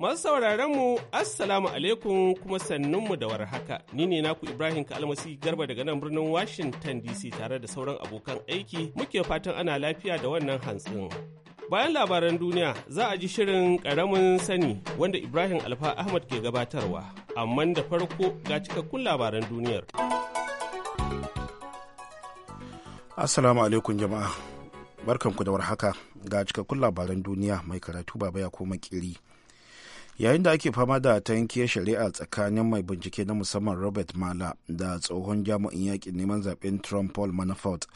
Masu sauraron mu Assalamu alaikum kuma sannun mu da warhaka. Ni ne naku Ibrahim Kalmasi Garba daga nan birnin Washington DC tare da sauran abokan aiki muke fatan ana lafiya da wannan hantsin. Bayan labaran duniya za a ji shirin karamin sani wanda Ibrahim Alfa Ahmad ke gabatarwa, amma da farko ga cikakkun labaran duniyar. Assalamu alaikum jama'a. Barkanku da warhaka ga cikakkun labaran duniya mai karatu baba ya koma kiri. yayin da ake fama da ta yankiyar shari'a tsakanin mai bincike na musamman robert mala da tsohon jami'in yakin neman zaben trump paul manafort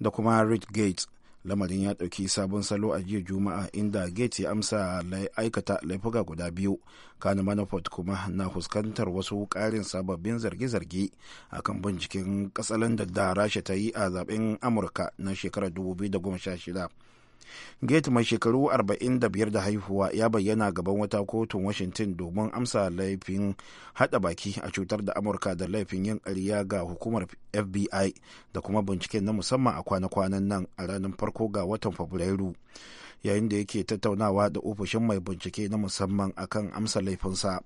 da kuma rich gates lamarin ya ɗauki sabon salo a jiya juma'a inda gates ya amsa aikata laifuka guda biyu kan manafort kuma na fuskantar wasu karin sababbin zarge-zarge a kan binciken ƙasalan da rasha ta yi a zaben amurka na shekarar 2016 gate mai shekaru 45 da haihuwa ya bayyana gaban wata kotun washington domin amsa laifin hada baki a cutar da amurka da laifin yin ƙarya ga hukumar fbi da kuma bincike na musamman a kwana-kwanan nan a ranar farko ga watan fabrairu yayin da yake tattaunawa da ofishin mai bincike na musamman akan amsa laifinsa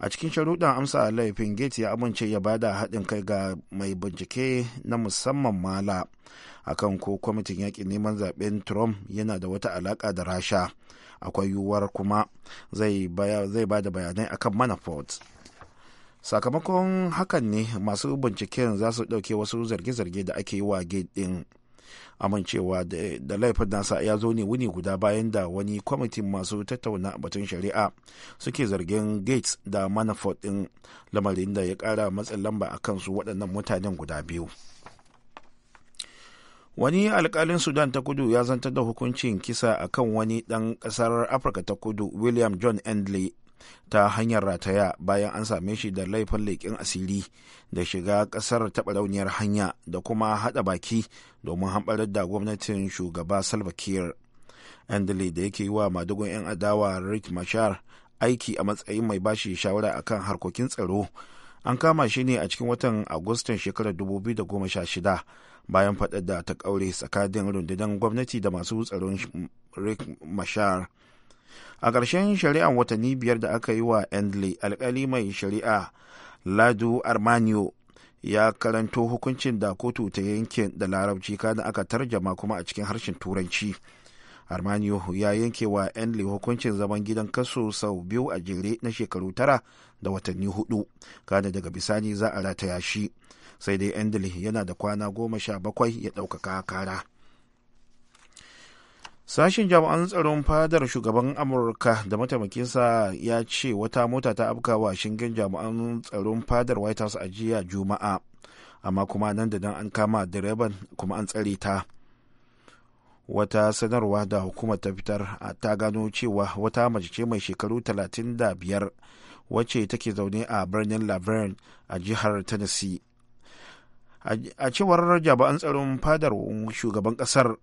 a cikin sharuɗan amsa a laifin gate ya amince ya bada haɗin kai ga mai bincike na musamman mala akan ko kwamitin yaƙin neman zaɓen trump yana da wata alaƙa da rasha akwai yiwuwar kuma zai ba da bayanai akan manafort sakamakon hakan ne masu binciken za su ɗauke wasu zarge-zarge da ake yi wa gate ɗin amincewa da laifin nasa ya zo ne wuni guda bayan da wani kwamitin masu tattauna batun shari'a suke zargin gates da manafort din lamarin da ya kara matsin lamba a kansu waɗannan mutanen guda biyu wani alkalin sudan ta kudu ya zanta da hukuncin kisa akan wani ɗan ƙasar afirka ta kudu william john endley ta hanyar rataya bayan an same shi da laifin leƙin asiri da shiga ƙasar taɓa rauniyar hanya da kuma haɗa baki domin hanɓar da gwamnatin shugaba salva kiir andale da yake yi wa madugun 'yan adawa rick mashar aiki a matsayin mai bashi shawara a kan harkokin tsaro an kama shi ne a cikin watan agustan shekarar 2016 bayan faɗar da ta ƙaure tsakanin rundunar gwamnati da masu tsaron rick Machar. a ƙarshen shari'ar watanni biyar da aka yi wa endley alkali mai shari'a ladu armanio ya karanto hukuncin da kotu ta yankin da larabci kada aka tarjama kuma a cikin harshen turanci armanio ya yanke wa endley hukuncin zaman gidan kaso sau biyu a jere na shekaru tara da watanni hudu kada daga bisani za a rataya shi sai dai endley yana da kwana goma sha bakwai ya ɗaukaka kara Sashen jami'an tsaron fadar shugaban Amurka da mataimakinsa ya ce wata mota ta wa shingen jami'an tsaron fadar White House a jiya Juma'a, amma kuma nan da nan an kama direban kuma an tsare ta. Wata sanarwa da hukumar ta fitar ta gano cewa wata mace ce mai shekaru 35 wacce take zaune a birnin Laverne a jihar Tennessee. a cewar jami'an tsaron fadar shugaban kasar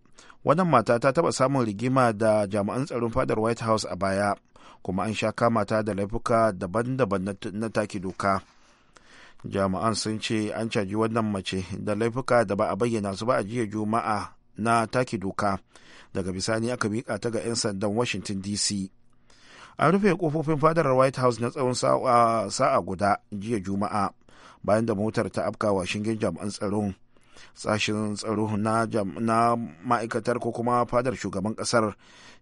wannan mata ta taɓa samun rigima da jami'an tsaron fadar white house a baya kuma an sha kama ta da laifuka daban-daban na taki doka jami'an sun ce an caji wannan mace da laifuka da ba a bayyana su ba a jiya juma'a na take doka daga bisani aka miƙa ta ga 'yan sandan washington dc an rufe kofofin fadar white house na tsawon sa'a guda jiya juma'a bayan da motar ta afkawa shingen jami'an tsaron sashen tsaro na ma'aikatar ko kuma fadar shugaban kasar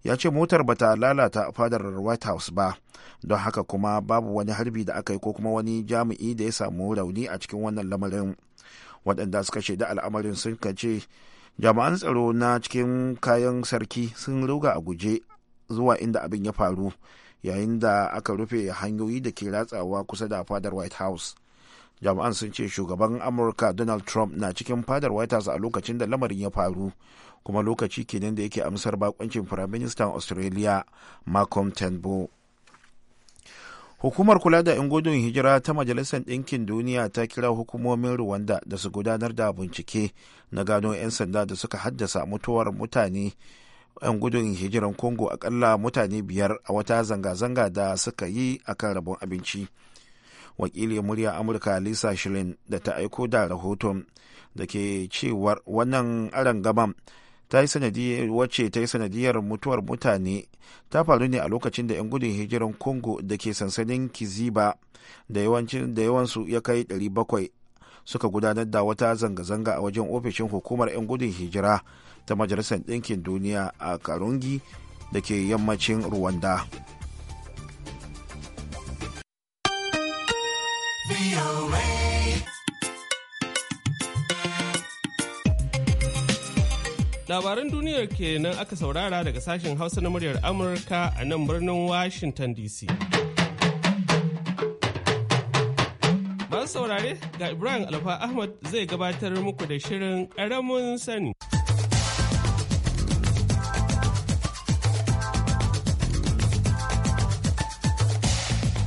ya ce motar ba ta lalata fadar white house ba don haka kuma babu wani harbi da aka yi ko kuma wani jami'i da ya samu rauni a cikin wannan lamarin waɗanda suka shaida al'amarin sun ce jami'an tsaro na cikin kayan sarki sun ruga a guje zuwa inda abin ya faru yayin da aka rufe hanyoyi da ke ratsawa kusa da fadar white house jami'an sun ce shugaban amurka donald trump na cikin fadar white house a lokacin da lamarin ya faru kuma lokaci kenan da yake amsar prime firaministan australia malcolm turnbull hukumar kula da 'yan gudun hijira ta majalisar ɗinkin duniya ta kira hukumomin ruwanda da su gudanar da bincike na gano 'yan sanda da suka haddasa mutuwar mutane 'yan gudun hijiran congo akalla mutane biyar a wata zanga-zanga da suka yi a kan rabon abinci. wakili murya amurka lisa shirin da ta aiko da rahoton da ke cewar wannan gaban ta yi sanadiyar wacce ta yi sanadiyar mutuwar mutane ta faru ne a lokacin da 'yan gudun hijiran congo da ke sansanin kiziba da yawansu ya kai 700 suka gudanar da wata zanga-zanga a wajen ofishin hukumar 'yan gudun hijira ta majalisar ɗinkin duniya a karungi da ke yammacin rwanda. Labaran duniyar kenan aka saurara daga sashen Hausa na muryar Amurka a nan birnin Washington DC. Masu saurare ga Ibrahim Alfa Ahmad zai gabatar muku da shirin ƙaramin sani.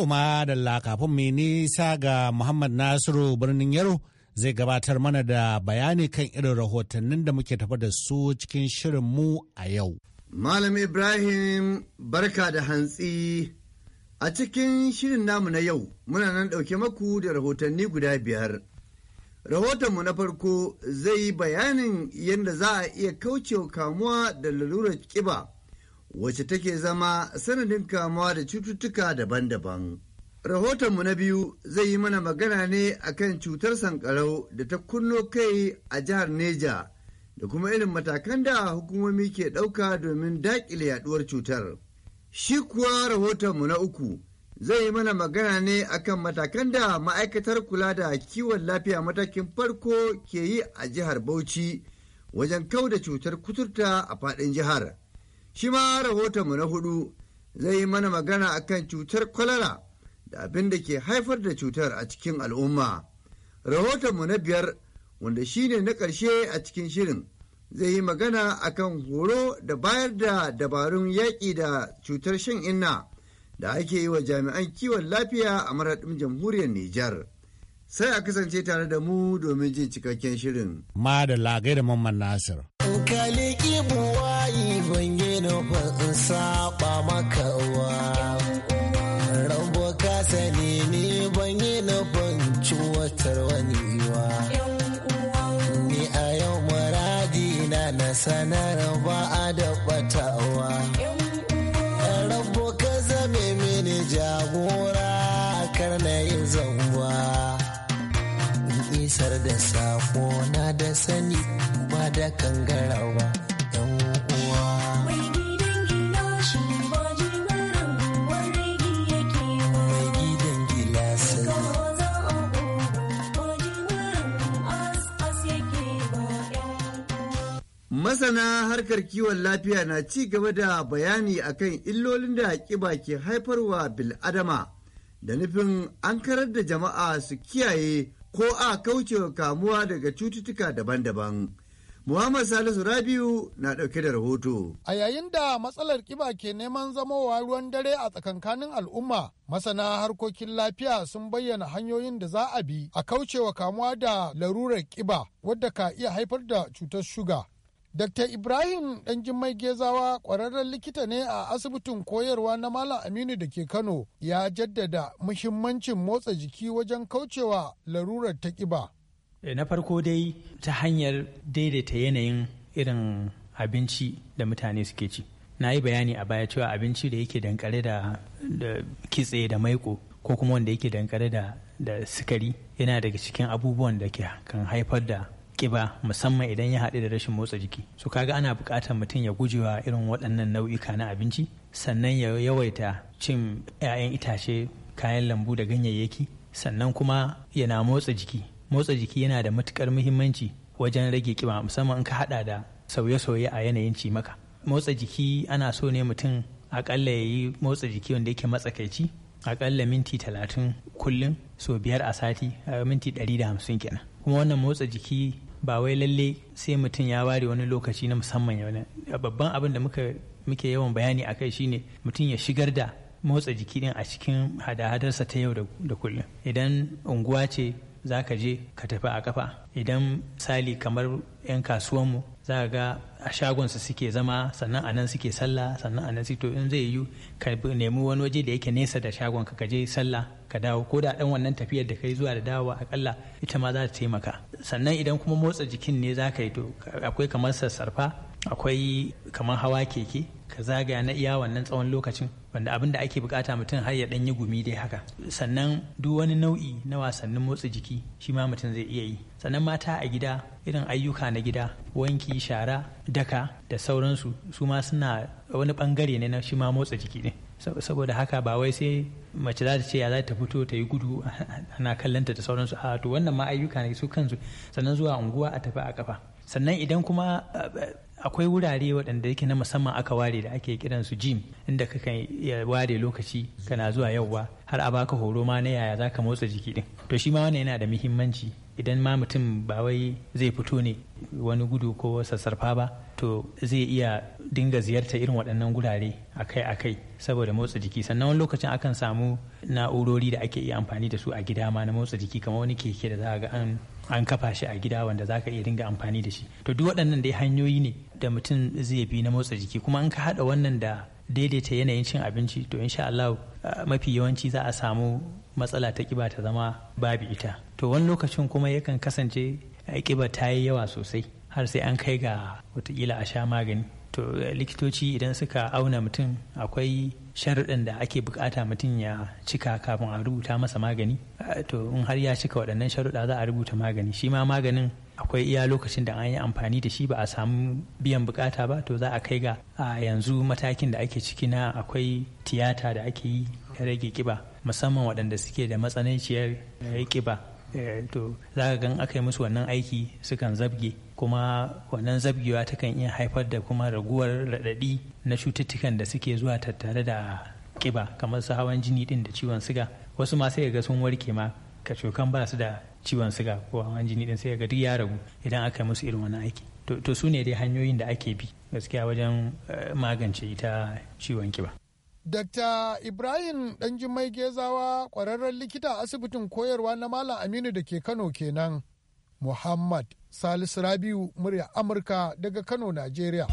To ma da kafin mai nisa ga Muhammad Nasiru birnin Yaro zai gabatar mana da bayani kan irin rahotannin da muke tafa da su cikin shirin mu a yau. Malam Ibrahim barka da hantsi a cikin shirin namu na yau muna nan ɗauke maku da rahotanni guda biyar. Rahotonmu na farko zai yi bayanin yadda za a iya kaucewa kamuwa da lalurar ƙiba. wacce take zama sanadin kamuwa da cututtuka daban-daban. Rahotonmu na biyu zai yi mana magana ne akan cutar sankarau da ta kunno kai a jihar Neja da kuma irin matakan da hukumomi ke ɗauka domin daƙile yaduwar cutar. Shi kuwa rahotonmu na uku zai yi mana magana ne akan matakan da ma'aikatar kula da kiwon lafiya matakin farko ke yi a jihar Bauchi wajen kau da cutar kuturta a faɗin jihar. Shi ma rahotonmu na hudu zai yi mana magana akan cutar kwalara da abin da ke haifar da cutar a cikin al'umma. Rahotonmu na biyar wanda shi ne na ƙarshe a cikin shirin zai yi magana akan horo da bayar da dabarun yaƙi da cutar shan inna da ake yi wa jami'an kiwon lafiya a maraɗin jamhuriyar Nijar. Sai a kasance tare da mu domin jin cikakken shirin. Ma da lagai da mamman Nasir. yi nufin in saba maka wa rabo ka sani ni ban yi nufin cuwatar wani wa ni a yau muradi na na sanar ba a da batawa rabo ka zame mini jagora kar na yi zanwa isar da sako na da sani ba da kangarawa Masana harkar kiwon lafiya na ci gaba da bayani akan illolin da kiba ke haifarwa bil'adama da nufin an karar da jama'a su kiyaye ko a kaucewa kamuwa daga cututtuka daban-daban. Muhammad Salisu Rabiu na ɗauke da rahoto. A yayin da matsalar kiba ke neman zamowa ruwan dare a tsakankanin al'umma, masana harkokin lafiya sun bayyana hanyoyin da za a bi a kaucewa kamuwa da larurar kiba wadda ka iya haifar da cutar shuga. Dr. Ibrahim Danjimai Gezawa ƙwararren likita ne a asibitin koyarwa na Malam Aminu da ke Kano ya jaddada muhimmancin motsa jiki wajen kaucewa larurar ta ƙiba. Eh, na farko dai ta hanyar daidaita yanayin irin abinci da mutane suke ci. Na yi bayani a baya cewa abinci da yake dankare da kitse da maiko ko kuma wanda yake dankare da sukari yana daga cikin abubuwan da kan haifar da kiba musamman idan ya haɗu da rashin motsa jiki su kaga ana buƙatar mutum ya gujewa irin waɗannan nau'ika na abinci sannan ya yawaita cin 'ya'yan itace kayan lambu da ganyayyaki sannan kuma yana motsa jiki motsa jiki yana da matukar muhimmanci wajen rage kiba musamman in ka haɗa da sauye-sauye a yanayin cimaka motsa jiki ana so ne mutum akalla ya yi motsa jiki wanda yake matsakaici akalla minti talatin kullum sau biyar a sati minti ɗari da hamsin kenan kuma wannan motsa jiki ba wai lalle sai mutum ya ware wani lokaci na musamman ya wani babban abin da muke yawan bayani a kai shine mutum ya shigar da motsa jiki din a cikin hada-hadarsa ta yau da kullum idan unguwa ce za ka je ka tafi a kafa idan sali kamar 'yan kasuwanmu za ka ga a shagonsa suke zama sannan anan suke sallah sannan anan suke to in zai yiwu ka nemi wani waje da yake nesa da shagon ka je sallah ka dawo ko da ɗan wannan tafiyar da kai zuwa da dawowa akalla ita ma za ta taimaka sannan idan kuma motsa jikin ne za ka yi to akwai kamar sassarfa akwai kamar hawa keke ka zagaya na iya wannan tsawon lokacin wanda abin da ake bukata mutum har ya dan yi gumi dai haka sannan duk wani nau'i na wasannin motsa jiki shi ma mutum zai iya yi sannan mata a gida irin ayyuka na gida wanki shara daka da sauransu su ma suna wani bangare ne na shi ma motsa jiki ne saboda haka ba wai sai mace za ta ce ya za ta fito ta yi gudu ana kallanta da sauransu a to wannan ma ayyuka ne su kansu sannan zuwa unguwa a tafi a kafa sannan idan kuma eh, akwai wurare waɗanda yake na musamman aka ware da ake kiran su inda ka kan ware lokaci kana zuwa yauwa har a baka horo ma na yaya za ka motsa jiki din to shi ma wannan yana da muhimmanci idan ma mutum ba wai zai fito ne wani gudu ko sassarfa ba to zai iya dinga ziyarta irin waɗannan gurare akai-akai saboda motsa jiki sannan wani lokacin akan samu na'urori da ake iya amfani da su a gida ma na motsa jiki kamar wani keke da za ga an an kafa shi a gida wanda za ka iya dinga amfani da shi to duk waɗannan dai hanyoyi ne da mutum zai bi na motsa jiki kuma an ka haɗa wannan da daidaita yanayin cin abinci to insha Allah ah, mafi yawanci za a samu matsala ta kiba ta zama babu ita to wani lokacin kuma yakan kasance kiba ah, ta yi yawa sosai har sai an kai ga watakila a sha magani to ah, likitoci idan suka auna mutum akwai sharuɗin da ake bukata mutum ya cika kafin a rubuta masa magani to in har ya cika waɗannan sharuɗa za a rubuta magani shi ma maganin akwai iya lokacin da an yi amfani da shi ba a samu biyan bukata ba to za a kai ga a yanzu matakin da ake ciki na akwai tiyata da ake yi ya rage kiba musamman waɗanda suke da matsananciyar kiba eh, to za ka gan aka yi musu wannan aiki sukan zabge kuma wannan zabgewa kan iya haifar da kuma raguwar raɗaɗi na cututtukan da suke zuwa tattare da kiba kamar su hawan jini ɗin da ciwon siga wasu ma sai ga sun warke ma kacokan ba su da ciwon siga ko hawan jini din sai ga duk ya ragu idan aka yi musu irin wannan aiki to su ne dai hanyoyin da ake bi gaskiya wajen eh, magance ita ciwon kiba Dr. Ibrahim Danjimai Gezawa kwararren likita asibitin koyarwa na Malam Aminu da ke Kano kenan. Muhammad Salisu Rabiu murya Amurka daga Kano, Najeriya.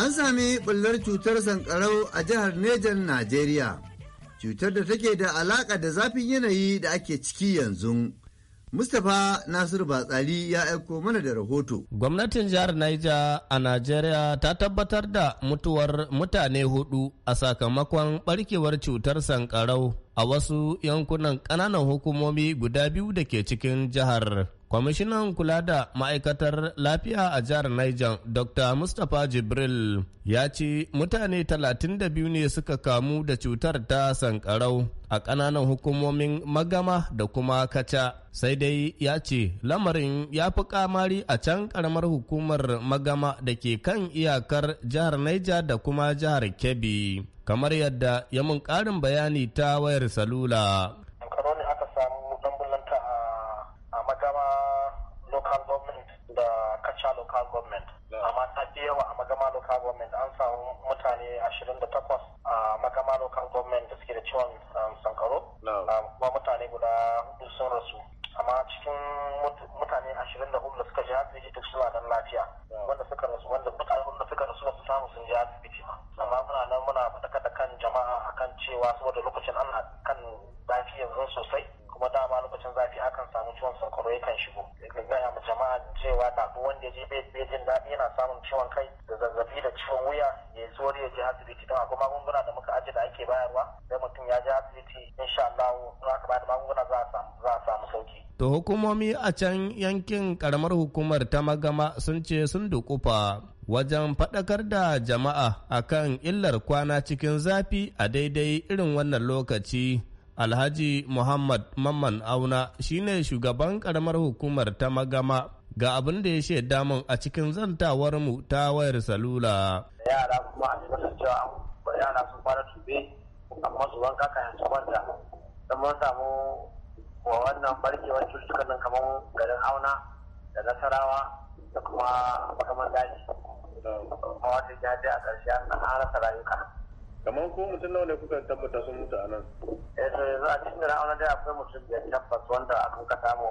An sami ɓullar cutar sankarau a jihar Nejan, Najeriya. Cutar da take da alaƙa da zafin yanayi da ake ciki yanzu. Mustapha Nasiru Batsali ya aiko mana da rahoto. Gwamnatin jihar Niger a Najeriya ta tabbatar da mutuwar mutane hudu a sakamakon barkewar cutar sankarau a wasu yankunan ƙananan hukumomi guda biyu da ke cikin jihar. Kwamishinan kula da ma'aikatar lafiya a jihar Niger, Dr. Mustapha Jibril, ya ce mutane 32 ne suka kamu da cutar ta sankarau a ƙananan hukumomin magama da kuma kaca. Sai dai ya ce lamarin ya fi kamari a can ƙaramar hukumar magama da ke kan iyakar jihar Niger da kuma jihar Kebbi. kamar yadda ya mun ƙarin bayani ta wayar salula. Karo ne aka samu ɗan bullanta a magama local government da kacha local government. Amma ta yawa a magama local government an samu mutane 28 a magama local government da suke da ciwon um, sankaro. Um, kuma mutane guda hudu sun rasu. Amma cikin mutane 24 da suka ji hatsi duk suna dan lafiya. Wanda suka rasu wanda mutane suka rasu ba su samu sun je asibiti ba amma muna nan muna faɗaka da kan jama'a akan cewa saboda lokacin ana kan zafi yanzu sosai kuma dama lokacin zafi akan samu ciwon sankaro yakan shigo gaya ma jama'a cewa da wanda ya je bai jin daɗi yana samun ciwon kai da zazzabi da ciwon wuya ya zo ya je asibiti don akwai magunguna da muka ajiye da ake bayarwa sai mutum ya je asibiti insha Allah in aka bada magunguna za a samu sauki to hukumomi a can yankin karamar hukumar ta magama sun ce sun dukufa wajen faɗakar da jama'a akan illar kwana cikin zafi a daidai irin wannan lokaci alhaji muhammad mamman auna shine shugaban karamar hukumar ta magama ga abin da ya shaida min a cikin zantawar mu ta wayar salula yara kuma a cikin cewa yara sun fara tube amma su wanka ka yanzu kwanta don mun samu wa wannan barkewar cututtukan nan kamar garin auna da nasarawa da kuma makaman daji wata jaje a ƙarshe an rasa rayuka kamar ko mutum nawa ne kuka tabbata sun mutu a nan eh to yanzu a cikin da auna dai akwai mutum biyar tabbas wanda akan ka samu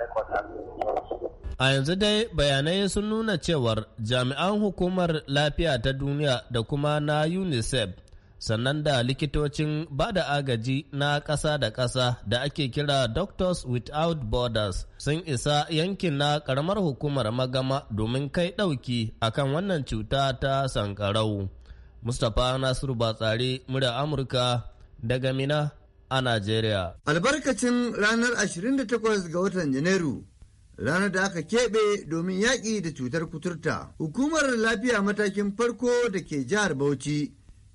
rekod a a yanzu dai bayanai sun nuna cewar jami'an hukumar lafiya ta duniya da kuma na unicef sannan da likitocin ba da agaji na ƙasa da ƙasa da ake kira Doctors Without Borders sun isa yankin na ƙaramar hukumar magama domin kai ɗauki akan wannan cuta ta sankarau. Mustapha Nasiru Batsari, murya Amurka daga Mina a Najeriya. Albarkacin ranar 28 ga watan Janairu, ranar da aka keɓe domin yaƙi da cutar kuturta. Hukumar lafiya matakin farko da ke jihar Bauchi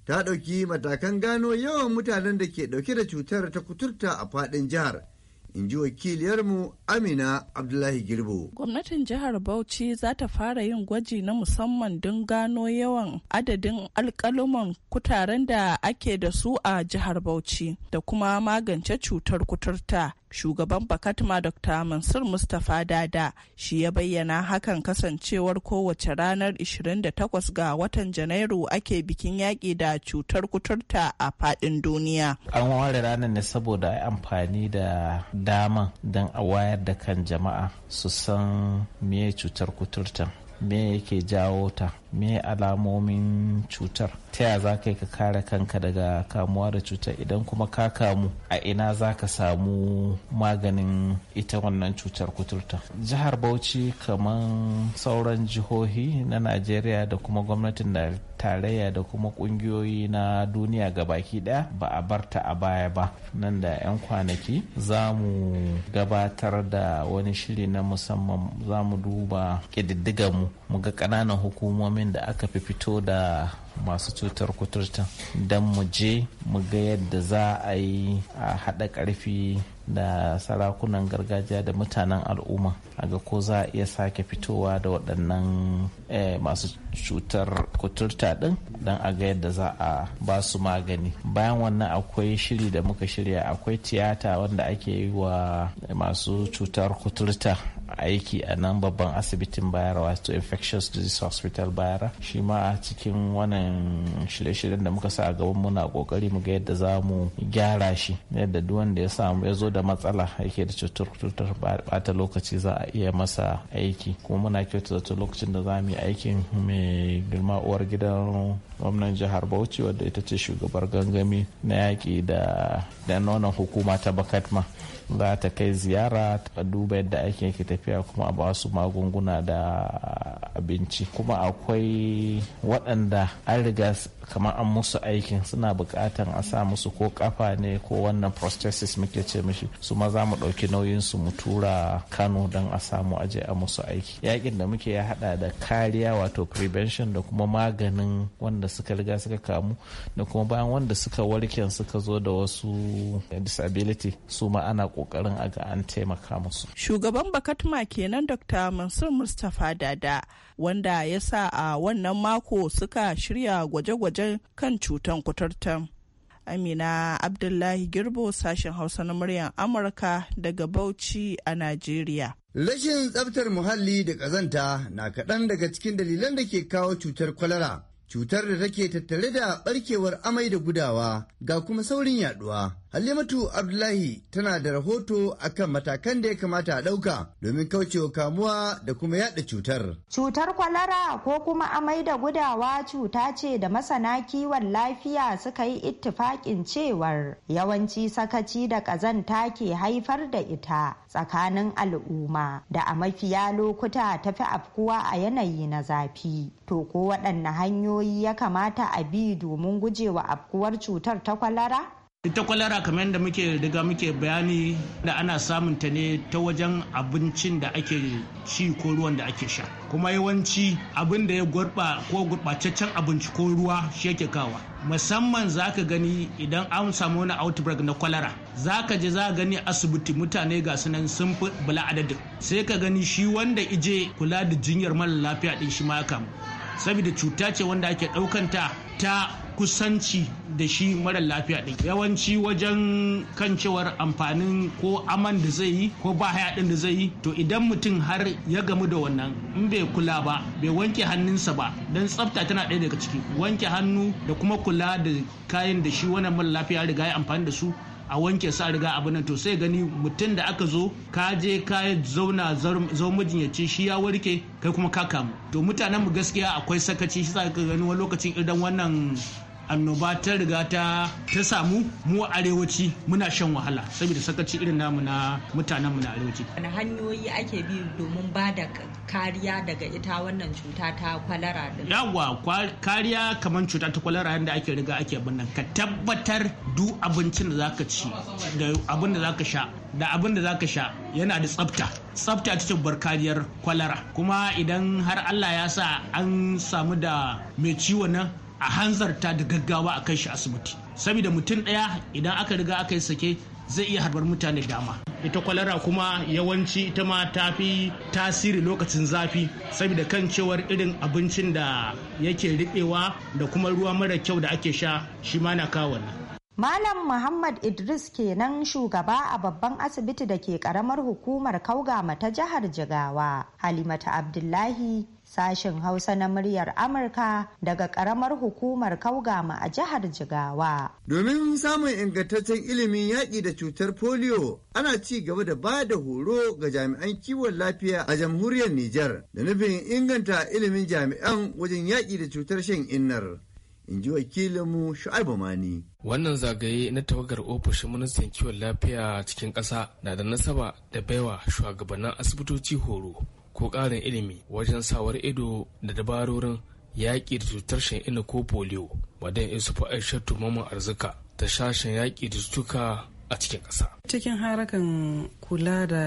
ta ɗauki matakan gano yawan mutanen da ke ɗauke da cutar ta kuturta a faɗin jihar in ji wakiliyarmu amina abdullahi girbo gwamnatin jihar bauchi za ta fara yin gwaji na musamman don gano yawan adadin alkaluman kutaren da ake da su a jihar bauchi da kuma magance cutar kuturta shugaban bakatma dr mansur mustapha dada shi ya bayyana hakan kasancewar kowace ranar 28 ga watan janairu ake bikin yaƙi da cutar kuturta a fadin duniya an ware ranar ne saboda amfani da dama don a wayar da kan jama'a su san me cutar kuturtan me yake jawo ta me alamomin cutar ta ya za ka kare kanka daga kamuwa da cutar idan kuma ka kamu a ina za ka samu maganin ita wannan cutar kuturta jihar bauchi kamar sauran jihohi na najeriya da kuma gwamnatin da tarayya da kuma kungiyoyi na duniya ga baki daya ba a barta a baya ba nan da 'yan kwanaki za mu gabatar da wani shiri na musamman za mu duba kididdigar mu mu ga ƙananan hukumomin da aka fi fito da masu cutar kuturta don mu je mu ga yadda za a yi a haɗa ƙarfi da sarakunan gargajiya da mutanen al'umma a ga ko za a iya sake fitowa da waɗannan eh, masu cutar kuturta ɗin don a ga yadda za a ba su magani bayan wannan akwai shiri da muka shirya akwai tiyata wanda ake yi wa masu cutar kuturta aiki a nan babban asibitin bayara wato infectious disease hospital bayara shi ma a cikin wannan shirye-shiryen da muka sa a gaban muna kokari mu ga yadda za mu gyara shi yadda duk wanda ya samu ya zo da matsala yake da cutar cutar bata lokaci za a iya masa aiki kuma muna kyautata zato lokacin da za mu yi aikin mai girma uwar gidan gwamnan jihar bauchi wadda ita ce shugabar gangami na yaki da da nonon hukuma ta bakatma za ta kai ziyara ta duba yadda aikin yake tafiya kuma a basu magunguna da abinci kuma akwai waɗanda an riga kamar an musu aikin suna bukatan a sa musu ko kafa ne ko wannan prosthesis muke ce mishi su ma za mu ɗauki nauyin su mu tura kano don a samu aje a musu aiki yakin da muke ya hada da kariya wato prevention da kuma maganin wanda suka riga suka kamu da kuma bayan wanda suka warken suka zo da wasu disability su ma ana kokarin a ga an taimaka musu shugaban bakatuma kenan dr mansur mustapha dada wanda ya sa a wannan mako suka shirya gwaje-gwaje wajen kan cutan kuturtan. Amina Abdullahi Girbo sashen Hausa na muryar Amurka daga Bauchi a Najeriya. Rashin tsaftar muhalli da ƙazanta na kaɗan daga cikin dalilan da ke kawo cutar kwalara. Cutar da take tattare da ɓarkewar amai da gudawa ga kuma saurin yaɗuwa. Halimatu Abdullahi tana da rahoto akan matakan da ya kamata a ɗauka domin kaucewa kamuwa da kuma yaɗa cutar. Cutar kwalara ko kuma amai da gudawa cuta ce da masana kiwon lafiya suka yi ittifaƙin cewar yawanci sakaci da ƙazanta ke haifar da ita tsakanin al'umma da a mafiya lokuta tafi afkuwa a yanayi na zafi. To ko waɗanne hanyoyi ya kamata a bi domin gujewa afkuwar cutar ta kwalara? ita kwalara kamar yadda muke daga muke bayani da ana samun ta ne ta wajen abincin da ake ci ko ruwan da ake sha kuma yawanci abin da ya gurɓa ko gurɓataccen abinci ko ruwa shi yake kawa musamman za ka gani idan an samu wani outbreak na kwalara za ka je za gani asibiti mutane ga sunan sun fi bala adadin sai ka gani shi wanda ije kula da jinyar mara lafiya din shi ma ya kamu saboda cuta ce wanda ake ɗaukanta ta kusanci da shi mara lafiya ɗin yawanci wajen kan cewar amfanin ko aman da zai yi ko ba ɗin da zai yi to idan mutum har ya gamu da wannan in bai kula ba bai wanke hannunsa ba don tsafta tana ɗaya daga ciki wanke hannu da kuma kula da kayan da shi wannan mara lafiya riga ya amfani da su a wanke sa riga abu nan to sai gani mutum da aka zo ka je ka zauna ya mijinyaci shi ya warke kai kuma ka kamu to mutanen mu gaskiya akwai sakaci shi ka gani wani lokacin idan wannan annoba ta riga ta ta samu mu arewaci muna shan wahala saboda sakaci irin namu na mutanen mu na arewaci wani hanyoyi ake bi domin ba da kariya daga ita wannan cuta ta kwalara din yawa kariya kamar cuta ta kwalara yadda ake riga ake abin ka tabbatar duk abincin da zaka ci da abin da zaka sha da abin da zaka sha yana da tsafta tsafta ta bar kariyar kwalara kuma idan har Allah ya sa an samu da mai ciwo nan a hanzarta da gaggawa a kai shi asibiti saboda mutum ɗaya idan aka riga aka yi sake zai iya harbar mutane dama ita kwalara kuma yawanci ita ma ta fi tasiri lokacin zafi saboda kan cewar irin abincin da yake riɓewa da kuma ruwa mara kyau da ake sha shi ma na kawo Malam Muhammad Idris kenan shugaba a babban asibiti da ke karamar hukumar Kaugama ta jihar Jigawa. Halimata Abdullahi sashen Hausa na muryar Amurka daga karamar hukumar Kaugama a jihar Jigawa. Domin samun ingantaccen ilimin yaƙi da cutar polio ana ci gaba da ba da horo ga jami'an kiwon lafiya a jamhuriyar Nijar da nufin inganta ilimin jami'an wajen yaƙi da cutar shan innar. in ji wakilinmu shu'aibu mani wannan zagaye na tawagar ofishin ministan kiwon lafiya cikin ƙasa na da nasaba da baiwa shugabannin asibitoci horo ko ƙarin ilimi wajen sawar ido da dabarorin yaƙi da cutar shan'ina ko polio madan isufu aishatu mamman arzika ta shashin yaƙi da cutuka a cikin ƙasa cikin harakan kula da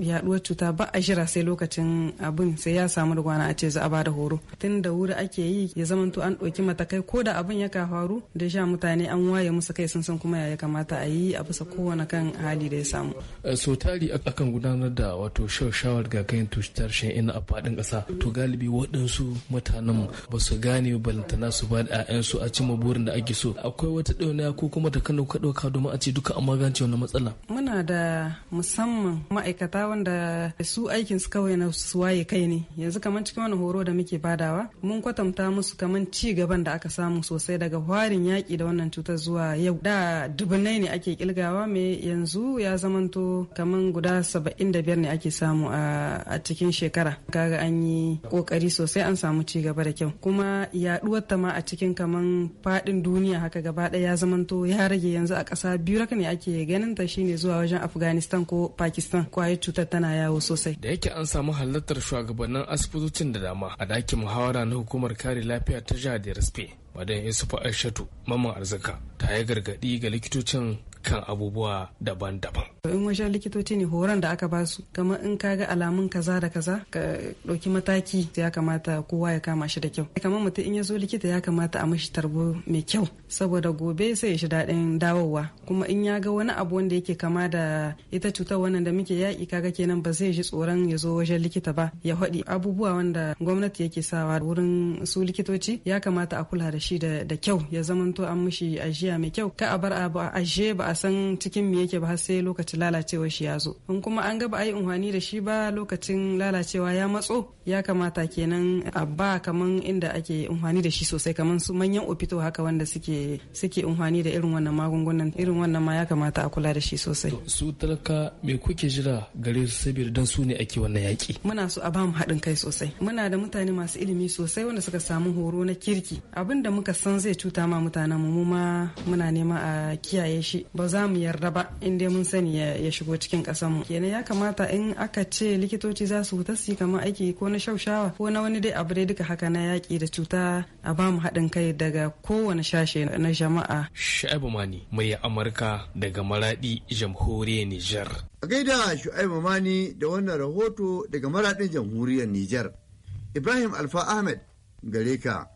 yaduwar cuta ba a jira sai lokacin abin sai ya samu da gwana a ce za a bada horo tun da wuri ake yi ya zamanto an ɗauki matakai ko da abin ya ka faru da sha mutane an waye musu kai sun san kuma ya kamata a yi a bisa kowane kan hali da ya samu. Eh, so tari akan gudanar da wato shaw-shawar ga kayan cutar shan ina a faɗin ƙasa to galibi waɗansu mutanen ba su gane balantana su ba da 'ya'yansu a cimma burin da ake so akwai wata ɗauniya ko kuma da kan ka ɗauka domin a ce duka an magance wannan matsala. muna da musamman ma'aikata wanda su aikin su kawai na su waye kai ne yanzu kamar cikin wani horo da muke badawa mun kwatanta musu kamar ci gaban da aka samu sosai daga warin yaƙi da wannan cutar zuwa yau da dubunai ne ake kilgawa me yanzu ya zamanto kamar guda saba'in da biyar ne ake samu a cikin shekara kaga an yi kokari sosai an samu ci gaba da kyau kuma ya ta ma a cikin kamar faɗin duniya haka gaba ɗaya ya zamanto ya rage yanzu a ƙasa biyu ne ake ganin ta shine zuwa wajen afghan. afghanistan ko pakistan kwayar cutar tana yawo sosai da yake an samu halartar shugabannin asibitocin da dama a dakin muhawara na hukumar kare lafiya ta jihar da madan yusufa aishatu Mamman arzika ta yi gargaɗi ga likitocin kan abubuwa daban-daban. In wajen likitoci ne horon da aka basu kama in ka ga alamun kaza da kaza ka ɗauki mataki ya kamata kowa ya kama shi da kyau. Kamar mutum in ya zo likita ya kamata a mashi tarbo mai kyau saboda gobe sai ya shi daɗin dawowa kuma in ya ga wani abu wanda yake kama da ita cutar wannan da muke yaƙi kaga kenan ba zai ji tsoron ya zo wajen likita ba ya haɗi abubuwa wanda gwamnati yake sawa wurin su likitoci ya kamata a kula da shi da kyau ya zamanto an mishi ajiya mai kyau ka a bar abu a ajiye ba a san cikin me yake ba har sai lokacin lalacewa shi ya zo in kuma an ga ba a yi unhwani da shi ba lokacin lalacewa ya matso ya kamata kenan a ba kaman inda ake unhwani da shi sosai kaman su manyan opito haka wanda suke suke unhwani da irin wannan magungunan irin wannan ma ya kamata a kula da shi sosai su talaka me kuke jira gare su saboda dan su ne ake wannan yaki muna so a ba mu haɗin kai sosai muna da mutane masu ilimi sosai wanda suka samu horo na kirki abin da muka san zai cuta ma mutanen mu ma muna nema a kiyaye shi ba za mu yarda ba in dai mun sani ya shigo cikin ƙasar mu kenan ya kamata in aka ce likitoci za su huta su yi kamar aiki ko na shaushawa ko na wani dai abu dai duka haka na yaƙi da cuta a ba mu haɗin kai daga kowane shashe na jama'a. Shu'aibu Mani mai Amurka daga Maraɗi jamhuriyar Nijar. A gaida Shu'aibu Mani da wannan rahoto daga Maraɗin jamhuriyar Nijar. Ibrahim Alfa Ahmed gare ka.